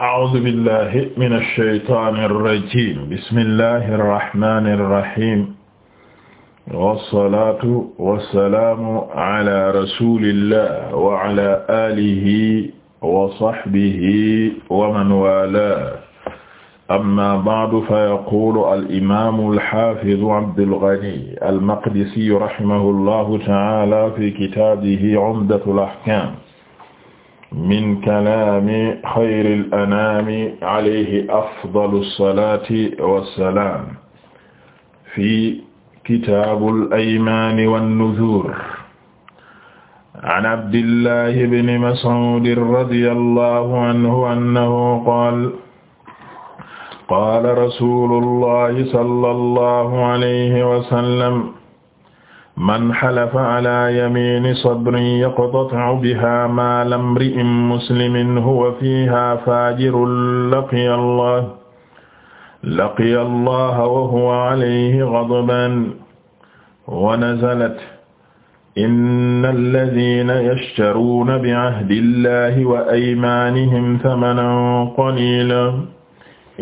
a'uuzu billahi mina shaytaani rajiim bismillahi rahmaani rahiim wasalaatu wasalaamu ala rasulillah wa ala alihi wa sahbihi wa man waalaahu amma ba'du fayaquulu al-imaamu al-haafizu Abdul Ghani al-Maqdisi rahimahu llahu ta'aala fi kitaabihi Umdatul Ahkaam min kalaami xayril anaami alayhi afdalu salaati wa salaam fi kitaabul aymaani wan nuzuur an abdillahi bni mas'uudin radiyallahu anhu annahu qaala qaala rasuulullahi sallallahu alayhi wa sallam man xalafa ala yamini sabrin yaqtatu biha maala mri'in muslimin huwa fiha fajirun laqiya allah laqiya allah wa huwa alayhi ghadban wa nazalat inna alladhina yashtaruna bi'ahdi allahi wa aymanihim thamanan qalilan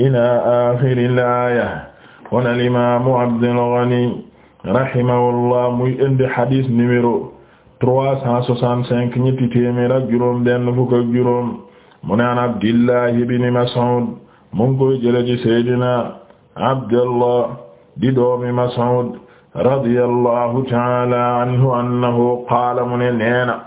ila akhiril aaya wa al imaamu Abdul Ghani rahimahullah muy indi xadis numéro trois cent soixante-cinq ñetti téeméer ak juróom benn fukk ak juróom mu ne an Abdillah ibn Mas'ud mu ngi koy jële ci Seydina Abdallah di doomi Mas'ud radiyallahu ta'ala anhu annahu qaala mu ne neena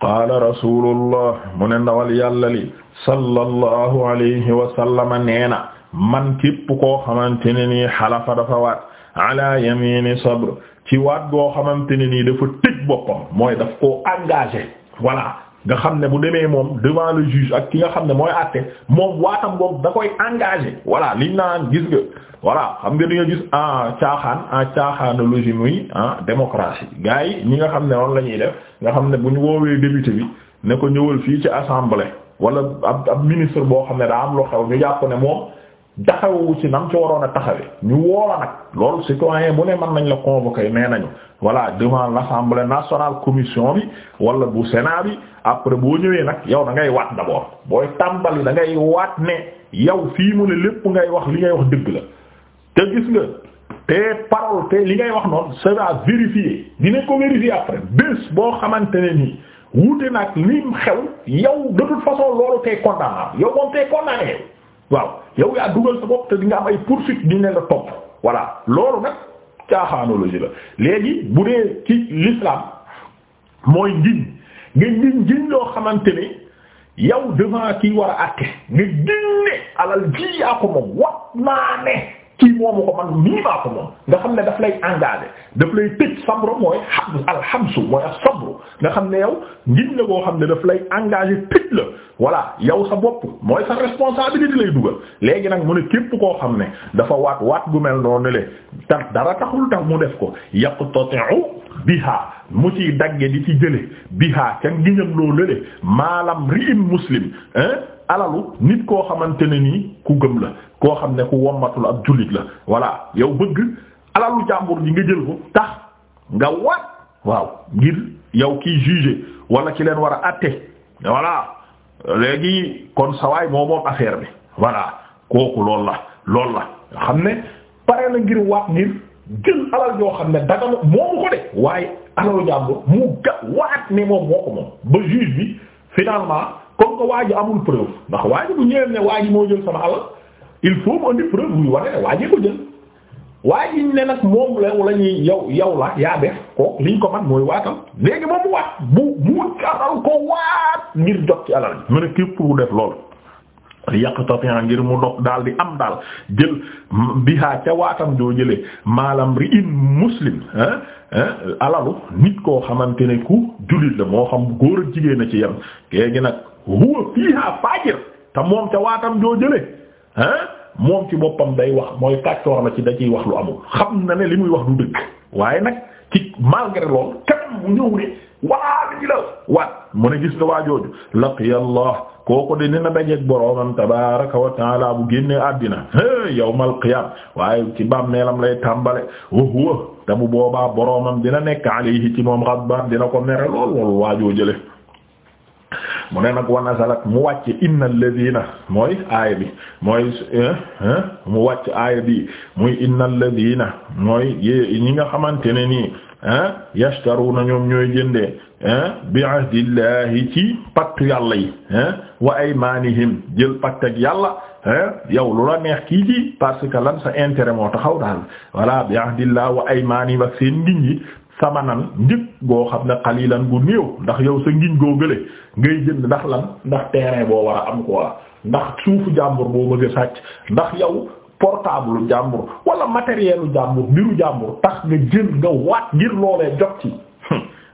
qaala rasulullah mu ne ndawal yàlla li sallallahu alayhi wa sallama neena man képp koo xamante ne nii xalafa dafa waat ala yamini sabr ci waat boo xamante ne nii dafa tëj boppam mooy daf koo engagé voilà nga xam ne bu demee moom devant le juge ak ki nga xam ne mooy àtte moom waatam boobu da koy engagé voilà liñ naan gis nga voilà xam nga di nga gis en caaxaan en caaxaanologie muy en démocratie gars yi ñi nga xam ne noonu la ñuy def nga xam ne bu ñu woowee député bi ne ko ñëwal fii ci assemblée wala ab ab ministre boo xam ne daa am lu xew ñu jàpp ne moom. taxawu ci nam ci waroon a taxawee ñu woo woola nag loolu citoyen bu ne mën nañ la convoquer nee nañu voilà devant l'Assemblée nationale commission bi wala bu Sénat bi après boo ñëwee nag yow dangay ngay waat d'abord booy tàmbali da ngay waat ne yow fii mu ne lépp ngay wax li ngay wax dëgg la te gis nga te parole te li ngay wax noonu sera vérifié dinañ ko vérifier après bés boo xamante ne nii wuute nag lim xew yow de toute façon loolu tey condamnable yow moom tey waaw yow yaa dugal sa bopp te di nga am ay poursuite di ne la topp voilà loolu nag caaxaanologie la léegi bu dee ci l'islam mooy ngiñ nga ngiñ ngiñ loo xamante ni yow devant kii war a àtte nga giñ ne alal ji yaa ko moom wat naa kii moomu ko man mii maa ko moom nga xam ne daf lay engagé daf lay tëj sabro mooy alxamsu mooy ak sabro nga xam ne yow ngiñ la boo xam ne daf lay engagé tëj la voilà yow sa bopp mooy sa responsabilité lay dugal léegi nag mu ne képp koo xam ne dafa waat waat gu mel noo le tax dara taxul tax mu def ko yaqtati'u biha mu ci dagge di ci jële biha ca ngiñam loo lële maalam ri'im muslim alalu nit koo xamante ne nii ku gëm la koo xam ne ku wommatul ab jullit la voilà yow bëgg alalu jàmbur ji nga jël ko tax nga waat waaw ngir yow kiy juger wala ki leen war a àtte voilà léegi kon sawaay moo moom affaire bi voilà kooku lool la loolu la xam ne pare na ngir wax ngir jël alal yoo xam ne daga moomu ko de waaye alalu jàmbur mu ga waat ne moom moo ko moom ba juge bi finalement comme que waa ji amul preuve ndax waa ji bu ñëwee ne waa moo jël sama alal il faut mu preuve buy wane ne waa ji ko jël waaye yiñ ne nag moom lew la ñuy yow yow la yaa def ko liñ ko man mooy waatal léegi moom mu waat bu mu jaral ko waat ngir jot ci alal ji mu ne képp ku def lool yaqtati'a ngir mu dox daal di am daal jël bihaa ca waatam joo jële maalam ri in muslim alalu nit koo xamante ne ku jullit la moo xam góor ak jigéen a ci yem kéegi nag huwa fiihaa faajir te moom ca waatam joo jëlee moom ci boppam day wax mooy kàccoor la ci da ciy wax lu amul xam na ne li muy wax du dëgg waaye nag ci malgré lool kanam mu ñëw ne waa li la waat mu ne gis nga waa jooju laqiya Allah kooku de dina dajeek boroomam tabaaraka wa taala bu génnee àddina hee yawmal qiyaam waaye ci bàmmeelam lay tàmbale wa huwa te bu boobaa boroomam dina nekk alayhi ci moom ghadbaan dina ko mere lool lool waa joo mu ne nag wa nazalat mu wàcc innal ladina mooy aaya bi mooy mu wàcc aaya bi muy innal ladina mooy ñi nga xamante ne ni nii yashtaruna ñoom ñooy jëndee bi ahdillahi ci pattu yàlla yi wa aymanihim jël patt ak yàlla yow lu neex kii ci parce que moo taxaw daal bi ahdillah wa aymanihim ak seen samanan njëg goo xam ne xalilan gu néew ndax yow sa ngiñ goo gële ngay jënd ndax lan ndax terrain boo war a am quoi ndax suufu jàmbur boo bëgg a sàcc ndax yow portable jàmbur wala matériel jàmbur mbiru jàmbur tax nga jën nga waat ngir loolee jot ci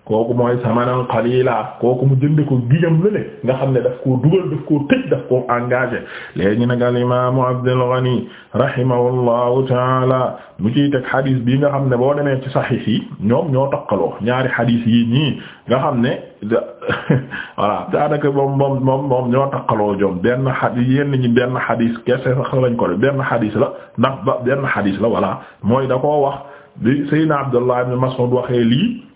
kooku mooy samanan qalila kooku mu jënd ko gijam lële nga xam ne daf koo dugal daf koo tëj daf koo engagé léegi nag al imaamu Abdul Ghani rahimahullahu taala mu ciy teg xadis bii nga xam ne boo demee ci saxiix yi ñoom ñoo taqaloo ñaari xadis yi ñii nga xam ne voilà daanaka moom moom moom moom ñoo taqaloo jom benn xadis yenn ñi benn xadis kese sax lañ ko def benn xadis la ndax ba benn xadis la voilà mooy da koo wax bi Seydina Abdullah ibn Mas'ud waxee lii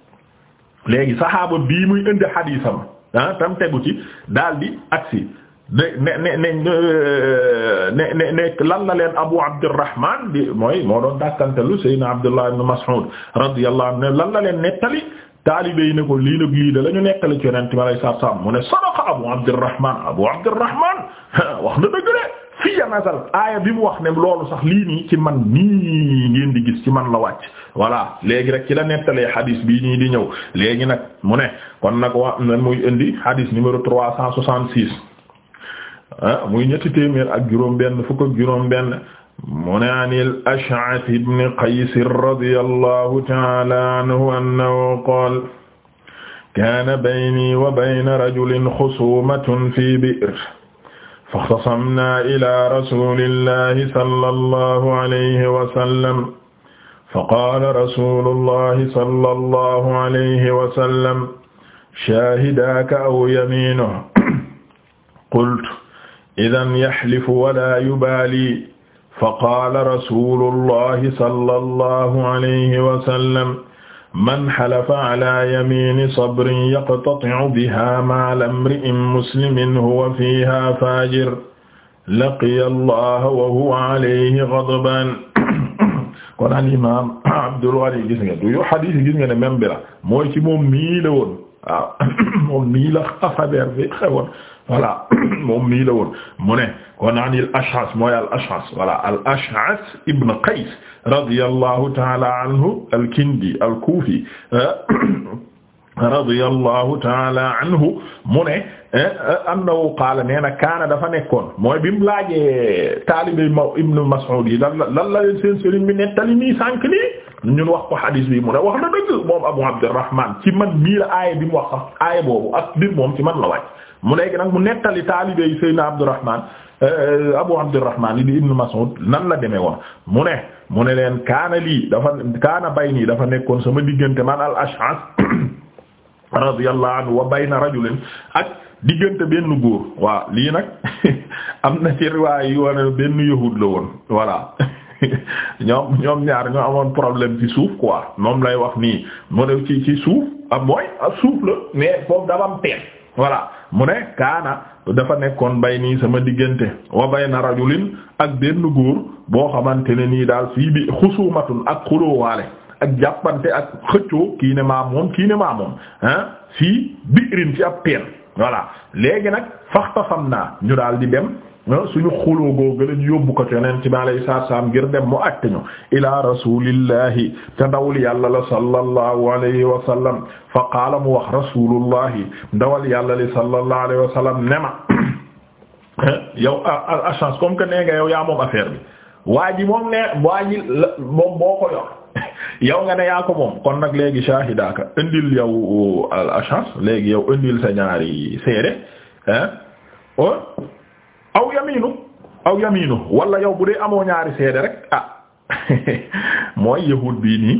léegi saxaaba bii muy indi xadiisam ah tam tegu ci daal di agsi ne ne ne ne ne ne lan la leen Abu Abdurrahman di mooy moo doon dàkkantelu Seydina Abdullah ibn Mas'ud radiyallahu anhu lan la leen nettali taalibe yi ne ko lii nag lii da la ñu nekkale ci yonent mi alayhi salaatu salaam mu ne sadaqa Abu Abdurrahman Abu Abdurrahman wax na fiya nasal aaya bi mu wax ne loolu sax lii nii ci man nii ngeen di gis ci man la wàcc voilà léegi rek ci la nettalee hadis bii nii di ñëw léegi nag mu ne kon nag wa nan muy indi hadis numéro trois cent soixante-six mu ah, muy ñetti téeméer ak juróom-benn fukk ak juróom-benn mu ne an al-Ash'ath ibn Qays radiyallahu ta'ala anhu annahu qaala wa bayna rajulin xusuumatun fii bi'r faxtasamnaa ilaa rasulillahi sallallahu alayhi wa sallam faqaala rasulullahi sallallahu alayhi wa sallam shaahidaaka aw yamiinuhu qultu idan yaxlifu walaa yubaali faqaala rasulullahi sallallahu alayhi wa sallam man halafa ala yamini sabrin yaqtati'u biha ma'al imri'in muslimin huwa fiha fajir laqiya allaha wa huwa alayhi ghadban kon al imam Abdul Wali gis nga du yo hadis yi gis nga ne même bi la mooy ci moom mii la woon waaw moom mii la affaire bi xewoon voilà moom mii la woon mu ne kon an al Ash'as mooy al Ash'as voilà al Ash'as ibn Qays radiyallahu ta'ala anhu al-Kindi al-Kufi eh, radiyallahu ta'ala anhu mu ne eh, annahu qaala nee na kaana dafa nekkoon mooy bi mu laajee taalibe Ibn Mas'ud yi lan la lan la leen seen sëriñ bi nettali nii sànq nii ñun wax ko xadiis bi mu ne wax na dëgg moom Abu Abdurrahman ci man mii la aaya bi mu wax sax aaya boobu ak mbir moom ci man la wàcc mu nekk nag mu nettali taalibe yi Seydina Abdourahman euh, Abu Abdourahman yi di Ibn Mas'ud nan la demee woon mu ne mu ne leen kaana lii dafa kaana nii dafa nekkoon sama diggante man al-Ash'as radiyallahu anhu wa bayna rajulin ak diggante benn góor waa lii nag am na ci riwaay yu wane benn yahud la woon voilà ñoom ñoom ñaar ñoo amoon problème ci suuf quoi moom lay wax nii mu def ci ci suuf ah mooy ah, suuf la mais foofu dafa am teen voilà mu ne kaana dafa nekkoon bay nii sama diggante wa bayna rajulin ak benn góor boo xamante ne nii daal fii bi xusumatun ak xulóowaale ak jàppante ak xëccoo kii ne maa moom kii ne maa moom ah fii biirin ci ab teen voilà léegi nag faxtasam naa ñu daal di dem Ah suñu xuloo googu la ñu yóbbu ko ci yonent bi salaam ngir dem mu àtte ñu ilaa rasuulillahi te ndawul yàlla la sallallahu alayhi wa fa qaala mu wax rasuulullahi ndawal yàlla li sallallahu alayhi wa sallam ne ma yow a a chance comme que nee nga bi waa ji moom nee boo ko yor yow nga ne yaa moom kon nag léegi shaahidaaka indil yow a chance léegi yow indil sa ñaari seede ah. Oh aw yaminu aw yaminu wala yow bu dee amoo ñaari seede rek ah mooy yahud bii nii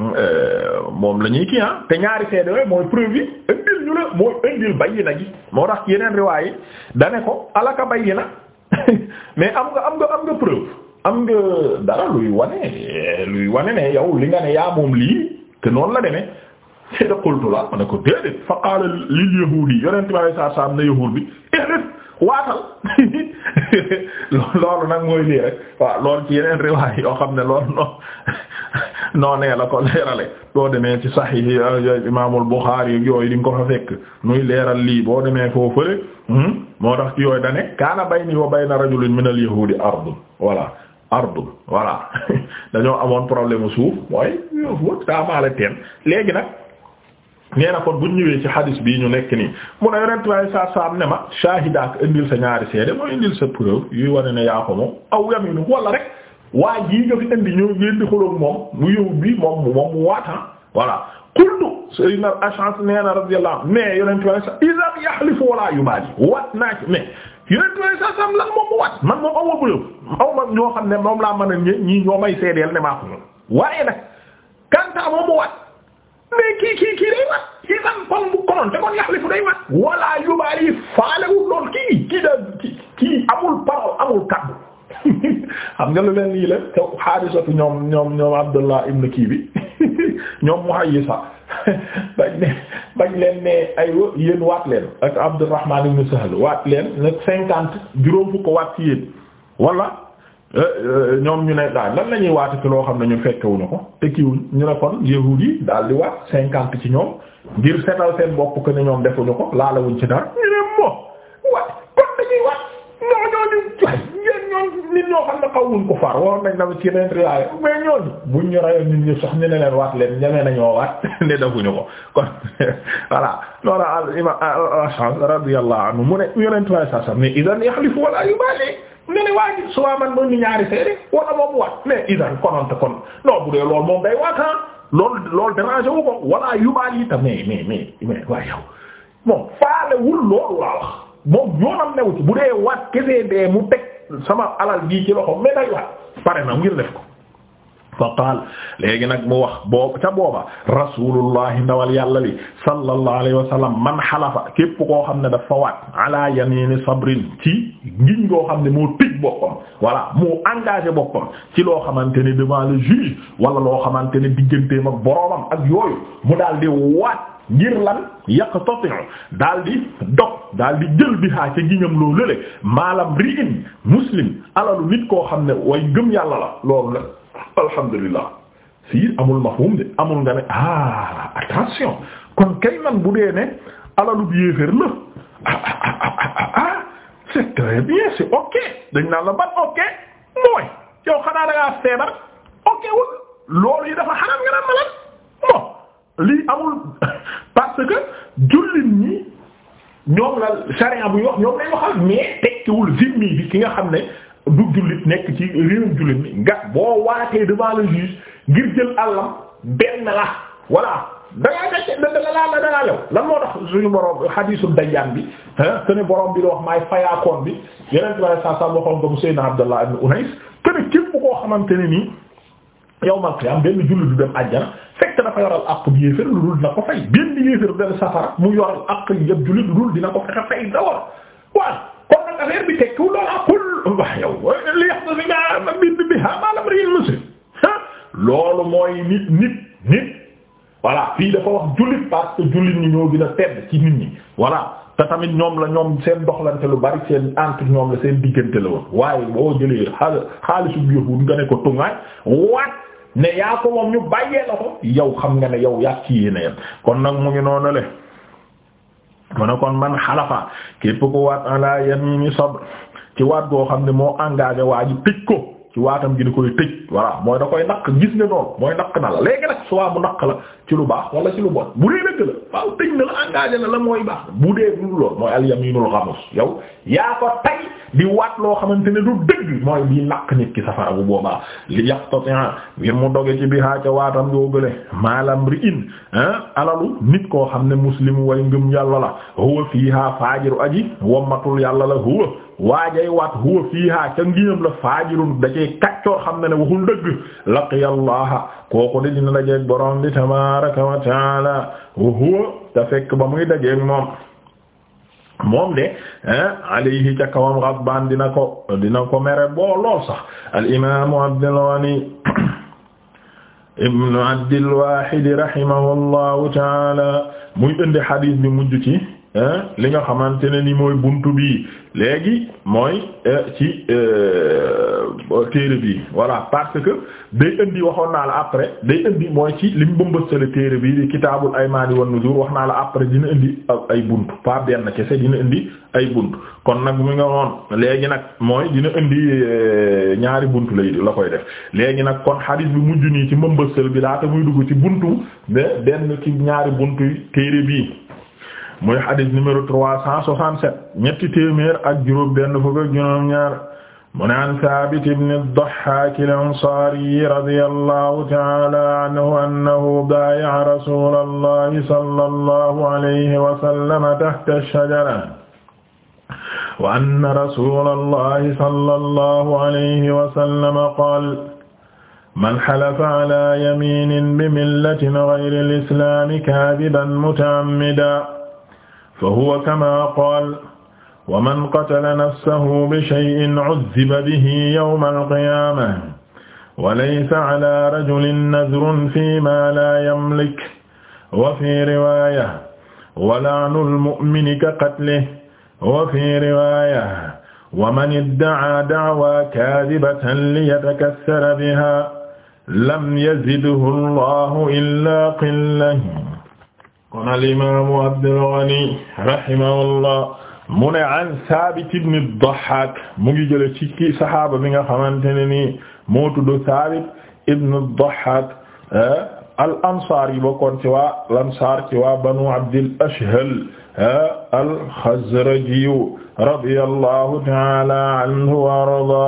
eh, moom la ñuy kii ah te ñaari seede yooyu mooy preuve yi indil ñu la mooy indil bayyina gi moo tax yeneen riwaay dane ko alaka bayyina mais am nga am nga am nga preuve am nga dara luy wane luy wane ne yow li nga ne yaa moom lii te noonu la demee seeda qultu la ma ne ko déedéet fa qaala lil yahudi yonent bi sallallahu alayhi wasallam ne yahud bi waatal loolu nag mooy lii rek waaw loolu ci yeneen riwaay yoo xam ne loolu noonu noonee la ko leerale boo demee ci Sahih ah, Imaamul Buxaari yooyu di nga ko fa fekk muy leeral lii boo demee foofu fële hmm, moo tax ci yooyu da ne kaana bayni wa bayna rajulin minal yahuudi ardun voilà ardun voilà dañoo amoon problème suuf mooy daa maale teen léegi nag. nee na kon bu ñu ci hadis bii ñu nekk nii mu a yonent bi saa a am ne ma shahida ak indil sa ñaari seede mooy indil sa preuve yuy mu yëw bi moom mu waata ah, voilà qultu sayyidina al-Ash'ath nee na radiyallahu anhu mais yonent bi sa moom mu waat man moom aw ma preuve aw ma ñoo xam ne moom laa mën ñii ñoo may seedeel ne maa ko moom waaye nag kanta moom mu waat mais kii kii kii day wat kii san kon bu konoon te kon yaxlifu day wat wala yubaali faalewul lool kii kii da kii amul parole amul kaddu xam nga lu leen lii la te xaadisatu ñoom ñoom ñoom Abdullah ibn kii bi ñoom Muhayyisa bañ ne bañ leen ne ay yéen waat leen ak Abdurrahman ibn Sahl waat leen nag cinquante juróom fukk ko waat ci yéen wala Euh, ñoom ñu ne daal lan lañuy waat ci loo xam ne ñu fekkewuñu ko te kiiwuñ ñu ne kon yahuud yi daal di waat cinquante ci ñoom ngir setal seen bopp que ne ñoom defuñu ko laalawuñ ci dara ñu ne moo waat kon ne ko far waroon nañ dama ñu rayoon nit ne nañoo waat ne defuñu ko kon voilà noona al imam Ash'ari radiyallahu anhu mu ne yeneen riwaaya sax sax mais idan yaxlifu wala yubaali nga ne waa ji souvent man mën ni ñaari seere wala moom waat mais idan kononte kon non bu dee loolu moom day waat ah loolu loolu déranger wu ko wala yubaal yi tam mais mais mais mais moom faalewul loolu laa wax moom yoonam newu ci bu dee waat kese dee mu teg sama alal gii ci loxo mais day waat pare na ngir def ko. fa qaal léegi nag mu wax boobu ca booba rasulullahi ndawal yàlla li sallallahu alayhi wa sallam man xalafa képp koo xam ne dafa waat ala yamini sabrin ci ngiñ koo xam ne moo tëj boppam voilà moo engagé boppam ci loo xamante ne devant le juge wala loo xamante ne digganteem ak boroomam ak yooyu mu daal di waat ngir lan daal di dog daal di jël bi haa ca giñam loo lële maalam ri'in muslim alalu nit koo xam ne way gëm yàlla loolu la alhamdulilah fii amul mafhum de amul nga ne ah attention kon kay man bu dee ne alalu bi yéeféer la ah, ah, ah, ah c'est très bien c'est ok dañ naan la ban ok mooy yow xanaa da ngaa feebar ok wul loolu yi dafa xaraam nga naan malade bon lii amul parce que jullit ñi ñoom la charia bu ñu wax ñoom lay waxal mais tekkiwul zimmi bi ki nga xam ne du jullit nekk ci réewum jullit ni nga boo waatee devant le juge ngir jël àllam benn la voilà da ngaa gàcce da da laa da laa bi te ne borom bi di wax maay fayaakoon bi yeneen tubaab saa saa waxoon ko mu Seydina Abdallah ibn Unais te ne képp koo xamante ne nii yawmal benn jullit du dem àjjana fekk dafa yoral àq bi yéefér lu dul dina ko fay benn yéefér dem safara mu yoral àq yëpp jullit lu dul dina ko fexe fay dawal waaw. affaire loolu mooy nit nit nit voilà fii dafa wax jullit parce jullit ñi ñoo gën a tedd ci nit ñi voilà te tamit ñoom la ñoom seen doxlante lu bari seen entre ñoom la seen diggante la woon waaye boo jëlee xaalisu bi yëfu nga ne ko tungaay waat ne yaa ko moom ñu bàyyee la ko yow xam nga ne yow yaa ci yéene kon nag mu ngi noonu le mu ne kon man xalafa képp ko waat ala yamini sabr ci waat goo xam ne moo engagé waa ji ko ci waatam gi da koy tëj voilà mooy da koy naq gis ne noonu mooy naq na la léegi nag soit mu naq la ci lu baax wala ci lu bon bu dee dëgg la waaw tëj na la engagé na la mooy baax bu dee du lool mooy al yaminul yow yaa ko tay di waat loo xamante ne du dëgg mooy di naq nit ki safara bu boobaa li yaqtatia ngir mu doge ci bihaa ca waatam yoo gële maalam ri alalu nit koo xam ne muslim way ngëm yàlla la huwa fiiha faajiru aji wommatul yàlla la waajay waat huwa fiihaa ca la faajirun da cee kàccoo xam ne ne waxul dëgg laqiya allaha kooku de dina dajeeg borom bi tabaaraka wa taala wa huwa ba muy dajeeg moom moom de alayhi ca kawam ghadbaan dina ko dina ko mere boo lool sax al imaamu Abdul taala muy indi hadith bi mujj li nga xamante ne ni mooy buntu bii léegi mooy euh, ci euh, téere bi voilà parce que day indi waxoon naa la après day indi mooy ci li mu bëmbëstale téere bi di kitaabul aymaani wan nuzur wax naa la après dina indi ay buntu pas benn kese dina indi ay buntu kon nag mi nga woon léegi nag mooy dina indi euh, ñaari buntu lay la koy def léegi nag kon xadiis bi mujj nii ci mbëmbëstal bi laata muy dugg ci buntu mais benn ci ñaari buntu téere bii muy xadis numéro trois cent soixante-sept ñetti téeméer ak juróom benn fukk ak juróom ñaar mu ne an Saabit ibn ad-Dahhaak al-Ansaari radiyallahu ta'ala anhu annahu baaya'a rasuulallahi sallallahu alayhi wa sallam tahta ash-shajara wa anna rasuulallahi sallallahu alayhi wa sallam qaala man xalafa ala yamiinin bi millatin ghayri al-islaami kaadiban muta'ammidan fa huwa kama qaal wa man qatala nafsahu bi shay'in uddiba bihi yawma alqiyaama wa laysa ala rajulin nadrun fi ma laa yamlik wa fi riwaaya wa la'nu almu'mini ka qatlihi wa fi riwaaya wa man idda'aa da'waa kaadibatan liyatakassara bihaa lam yazidhu allahu illaa qillan kon al imaamu Abdul Ghani rahimahullah mu ne an Saabit ibn Dahhaak mu ngi jële ci kii saxaaba bi nga xamante ne nii moo tudd Saabit ibn Dahhaak eh, al ansaar yi bokkoon ci waa al ansaar ci waa banu Abdil Ashhal eh, al Xazraji radiyallahu ta'ala anhu wa arda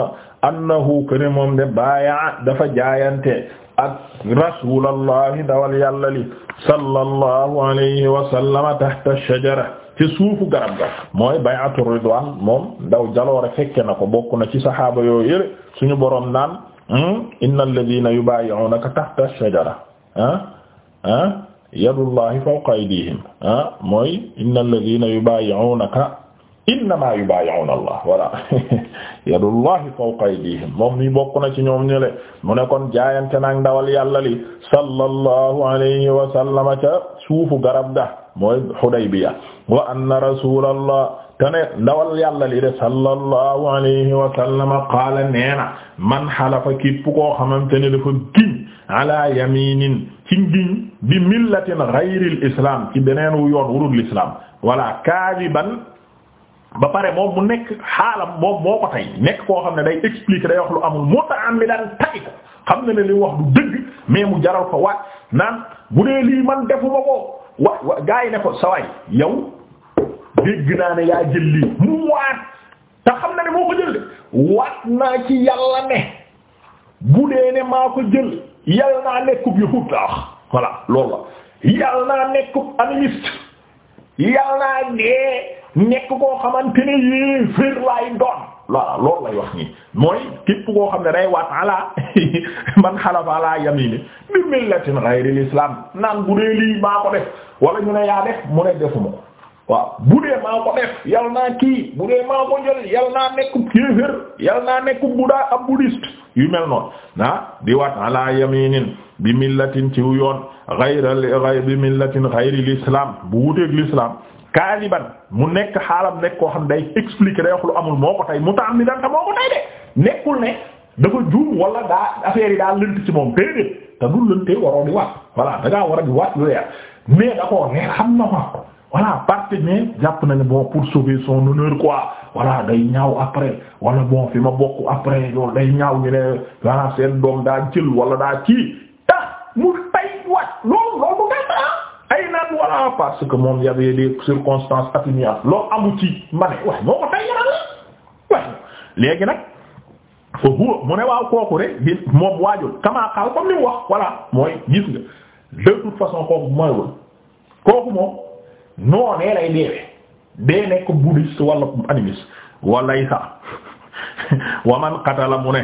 annahu kaana moom de baayaa dafa jaayante ak rasulallahi dawal yàlla li sallallahu alayhi wa sallama tahta shajara ci suufu garab ga mooy bay'atu ridwan moom ndaw jaloore fekke na ko bokk na ci saxaaba yoo yële suñu boroom naan hmm, innal ladina yubayi'unaka tahta shajara ah ah yadullahi fawqa aydihim ah mooy innal ladina yubayi'unaka innamaa yubaayi'uuna Allah voilà yadullahi fawqa aydiihim moom mi bokk na ci ñoom ñële mu ne kon jaayante nag ndawal yàlla li sallallahu alayhi wa sallama ca suufu garab ga mooy Hudaybiya wa anna rasuulallah tane ndawal yàlla li de sallallahu alayhi wa sallama qaala neena man halafa képp koo xamante ne dafa giñ ala yaminin ci giñ bi millatin ghayril islam ci beneen wu yoon wurul islam wala kaadiban ba pare moom mu nekk xaalam moom moo ko tey nekk koo xam ne day expliquer day wax lu amul moo tax am mi daan tay ko xam ne ne li wax du dëgg mais mu jaral ko waat naan bu dee lii man defuma ko wa wa gaa yi ne ko sawaay yow dégg naa ne yaa jël lii mu waat te xam na ne moo ko jël de waat naa ci yàlla ne bu dee ne maa ko jël yàlla naa nekkub yahut la wax voilà loolu la yàlla naa nekkub animiste yàlla naa dee nekk koo xamante ne yii fiir laay doon voilà loolu lay nii mooy képp koo xam ne day waat ala man xalafa ala yamini bi millatin ghayril islam naan bu dee lii maa ko def wala ñu ne yaa def mu ne defuma ko waaw bu dee maa ko def yal naa kii bu dee maa ko jël yal naa nekk kéefër yal naa nekk buda ab buddhiste yu mel noonu ah di waat ala yaminin bi millatin ci yoon ghayral ghayr bi millatin ghayril islam bu wuteeg l'islam kaaliban mu nekk xaalam nekk koo xam day expliquer day wax lu amul moo ko tey mutaamidan ta moo ko tey de nekkul ne yi daa lënt moom tey da war a di waat lu leer mais da koo na ko voilà pour sauver son honneur quoi day ñaaw après wala bon fi ma ñaaw ñu ne voilà wala daa ci tax mu tay waat loolu parce que moom y avait des circonstances atténuantes loolu amu ci ma ne moo ko tey yaram la waaye léegi nag fa huwa mu ne waaw kooku rek bi moom waajul kamaa xaal comme ni wax voilà mooy gis nga de toute façon kooku moywul kooku moom noonee lay deewee dee nekk bouddhiste wala animiste walay sax waman qatala mu ne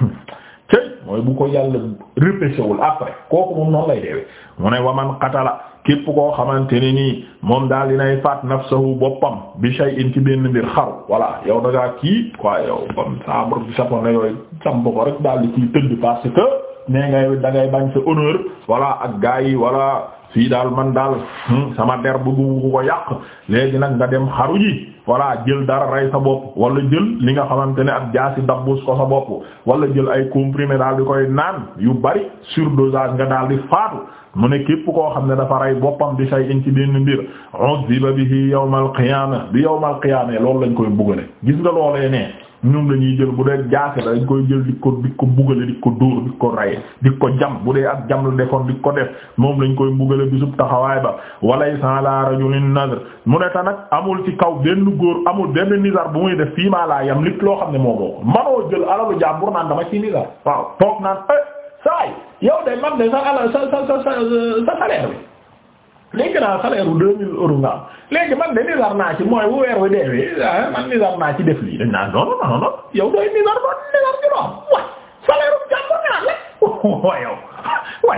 cëy mooy bu ko yàlla repêché après kooku moom noonu lay deewee mu ne waman qatala képp koo xamante ne nii moom daal dinay faat nafsahu boppam bi shay'in ci benn mbir xaru voilà yow da ngaa kii quoi yow comme sabre bi sapon na yooyu samp ko rek daal di ciy tëdd parce que nee ngay da bañ sa honneur voilà ak gars yi fii daal man daal hmm, sama der bëggu ko ko yàq léegi nag nga dem xaru ji walla jël dara rey sa bopp wala jël li nga xamante ne ab jaasi dabbus ko sa bopp wala jël ay comprimé daal di koy naan yu bari surdosage nga daal di faatu mu ne képp koo xam ne dafa rey boppam di say in ci benn mbir uziba bihi yawmal qiyaama bi yawmal qiyaama loolu lañ koy bëggale gis nga loolee ne ñoom la ñuy jël bu dee jaase dañ koy jël di ko di ko bugale di ko dóor di ko rey di ko jam bu dee ak jam la defoon di ko def moom lañ koy bugale bisub taxawaay ba walay sa la rajulin nazr mu ne ta nag amul ci kaw benn góor amul benn nizar bu muy def fii maa laa yam lit loo xam ne moo boo manoo jël alalu jàmbur naan dama ci nizar waaw toog naan eh, saay yow de man de sa alal sa sa sa sa salaire bi léegi naa salaire bu 2000 euros nga am léegi man de nizar naa mooy bu weer wi deewee ah, man nizar naa def lii dañ naan non non non yow doy nizar doon nizar ci loo am waaye salaire bu jàmbur nga naan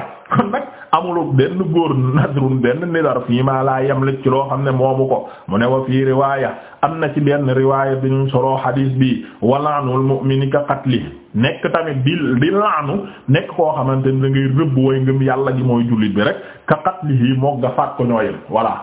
kon nag amul benn góor nadrun benn nidar fii maa laa yamlik ci loo xam ne moomu ko mu ne wa fii riwaaya am na ci benn riwaaya bi ñu solo xadiis bi walaanul mu'mini ka qatli nekk tamit di di laanu nekk koo xamante ni da ngay rëbb way ngëm yàlla gi mooy jullit bi rek ka qatlihi mook nga faat ko ñooyem voilà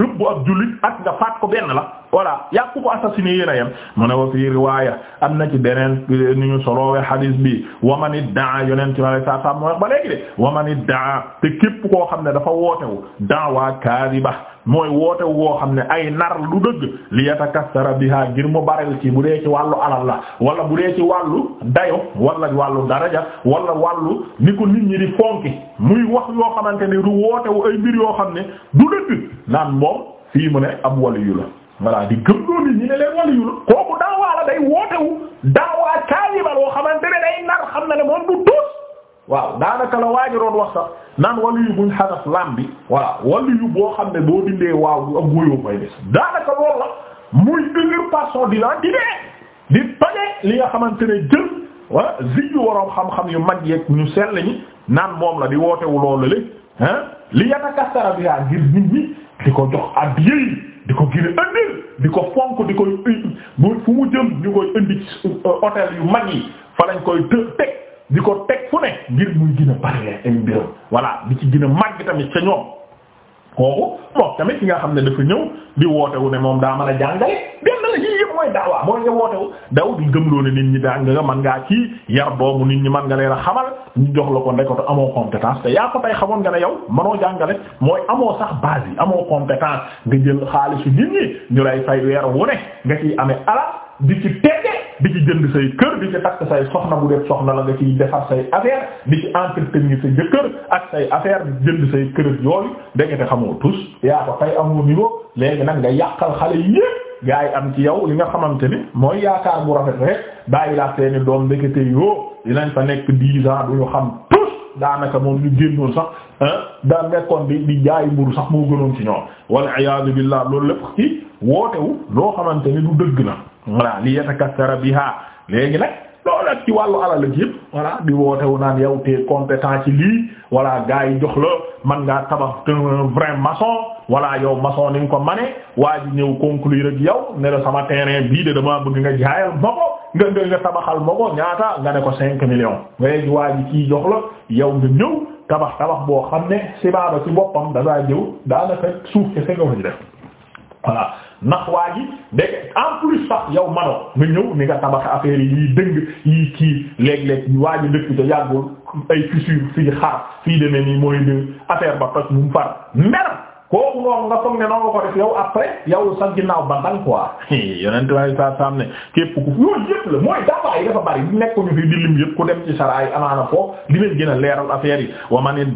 rëbb ab jullit ak nga faat ko benn la voilà yàqu ko assassiné yéen a yem mu ne wa fii riwaya am na ci beneen ni ñu soloowe hadis bi waman iddaa yonent ci wàllu saa saa mu wax ba léegi de waman iddaa te képp koo xam ne dafa wootewu da'wa kaadiba mooy wootewu woo xam ne ay nar lu dëgg li bi biha ngir mu bareel ci bu dee ci wàllu alal la wala bu dee ci wàllu dayo wala wàllu daraja wala wàllu ni ko nit ñi di fonki muy wax yoo xamante ne du wootewu ay mbir yoo xam ne du mu ne ab waliyu voilà di gëm loolu ñu ne leen waliyu la kooku daawaa la day wootewu daawaa kaayibal woo xamante ne day nar xam na ne moom du tuus waaw daanaka la waa ji doon wax sax naan waliyu buñ xanaf lam bi voilà boo xam ne boo dindee waaw du am wóyoo koy des daanaka loolu la muy usurpation d'identité di toje li nga xamante ne jël wala ziggu waroom xam-xam yu mag yeeg ñu sell ñi naan moom la di wootewu loolu la ah li nga biha ngir nit ñi di ko jox addiya yi di ko gën a di ko fonk di koy fu mu jëm ñu koy indi euh, hôtel yu mag yi fa lañ koy teg di ko teg fu ne ngir muy gën a bari ay mbiram voilà di ci gën mag màgg tamit ca ñoom kooku moom tamit ki nga xam ne dafa ñëw di woote ne moom daa mën a jàngale mooy daawa mooy nga woote wu daw di gëmloo ne nit ñi daa nga mën ngaa kii yar doomu nit ñi mën nga leen a xamal ñu jox la ko ndekoto amoo compétence te yaa ko tey xamoon nga ne yow manoo jàngale mooy amoo sax base yi amoo compétence nga jël xaalisu nit ñi ñu lay fay weer wu ne nga ciy amee alal di ci tege di ci jënd say kër di ci takk say soxna bu def soxna la nga ciy defar say affaire di ci entretenir sa jëkkër ak say affaire di jënd say kër yooyu da nga te xamoo tous yaa ko tey amoo niveau léegi nag nga yàqal xale yépp gaa yi am ci yow li nga xamante ni mooy yaakaar bu rafet rek bàyyi laa seeni doom ndekete yoo dinañ fa nekk dix ans duñu xam tous daanaka moom ñu génnoon sax da nekkoon di jaay mburu sax moo gënoon ci ñoom walla iyaadu billaah loolu lépp ci wootewu loo xamante ni du dëgg la voilà li yatakassara biha léegi nag loolu nag ci wàllu alal ak yëpp voilà di wootewu naan yow te compétent ci lii voilà gaa yi jox la man ngaa tabax vrai maçon voilà yow maçon ni nga ko mane waa ji ñëw conclure ak yow ne la sama terrain bii de damaa bëgg nga jaayal ma ko nga nga nga tabaxal ma ko ñaata nga ne ko cinq millions ngay waa ji kii jox la yow nga ñëw tabax tabax boo xam ne si baaba ci boppam dangaa jëw daanaka suuf kese nga ko ci def ndax waa ji de en plus sax yow manoo nga ñëw ni nga tabax affaire yi dëng yi kii léeg-léeg waa ji dëkk te yàggul ay fissure fii xar fii demee nii mooy affaire ba toj mu far mer. kooku nga foog ne noonu ko def yow après yow sax ginnaaw ba ndànk quoi yonent waaye saa saam ne képp ku yooyu yëpp la mooy dafaa yi dafa bari nekkuñu fi di lim yëpp ku dem ci saraay amaana foofu dinañ gën a leeral affaire yi wa man it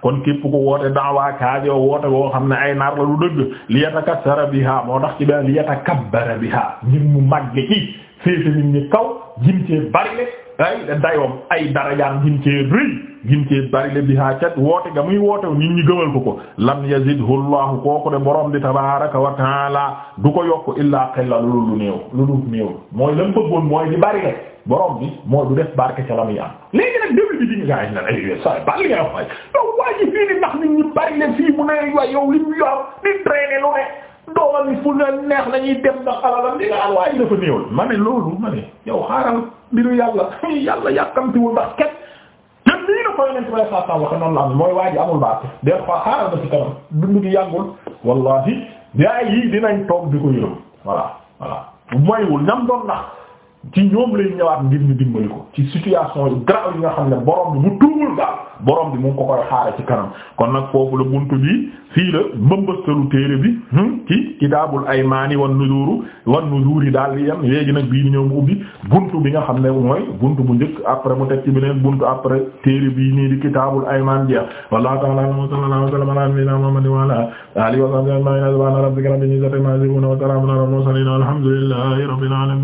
kon képp ku woote daa waa kaas yow woote woo xam ne ay naar la lu dëgg liyatakassara biha moo tax ci benn liyatakabbara biha ngir mu màgge ci féete nit kaw jim cee bari le ay dayoom ay darajaan gin cee rëy gin cee bari le bihaa cat woote ga muy woote nit ñi gëmal ko ko lam yazidhu llahu kooku de borom bi tabaraka wa taala du ko yokk illa xilla lu lu néew lu dul néew mooy lam bëggoon mooy di bari le borom bi mooy du def barke ca la muy am léegi nag début bi di nga yi nan ay sa ba li ngay wax waay yow waa fii ni ndax nit ñi bari le fii mu ne waay yow li mu yor di traîner lu ne doomam yi fu ne neex nañuy dem ndax alalam li nga xam waaye dafa néewal ma ne loolu ma ne yow xaaral mbiru yàlla yàlla yàkkamtiwul ndax ket te nii na ko yeneen trois cent cent waxe noonu la am mooy waa ji amul baat des fois xaaral ba ci kanam dund gi yàggul wallahi yaay yii dinañ toog di ko yërëm voilà voilà maywul ñam doon nax ci ñoom lay ñëwaat ngir ñu dimbali ko ci situation yu grave yi nga xam ne borom bi bu tuubul daal borom bi mu ngi ko koy xaare ci kanam kon nag foofu la buntu bi fii la mbëmbëstalu téere bi ci kitaabul aymaani wan nuzuuru wan nuzuuri daal di yem léegi nag bii di ñëw mu ubbi buntu bi nga xam ne mooy buntu bu njëkk après mu teg ci beneen buntu après téere bii nii di kitaabul aymaan jeex wallahu ta'ala wa sallallahu alayhi wa sallam ala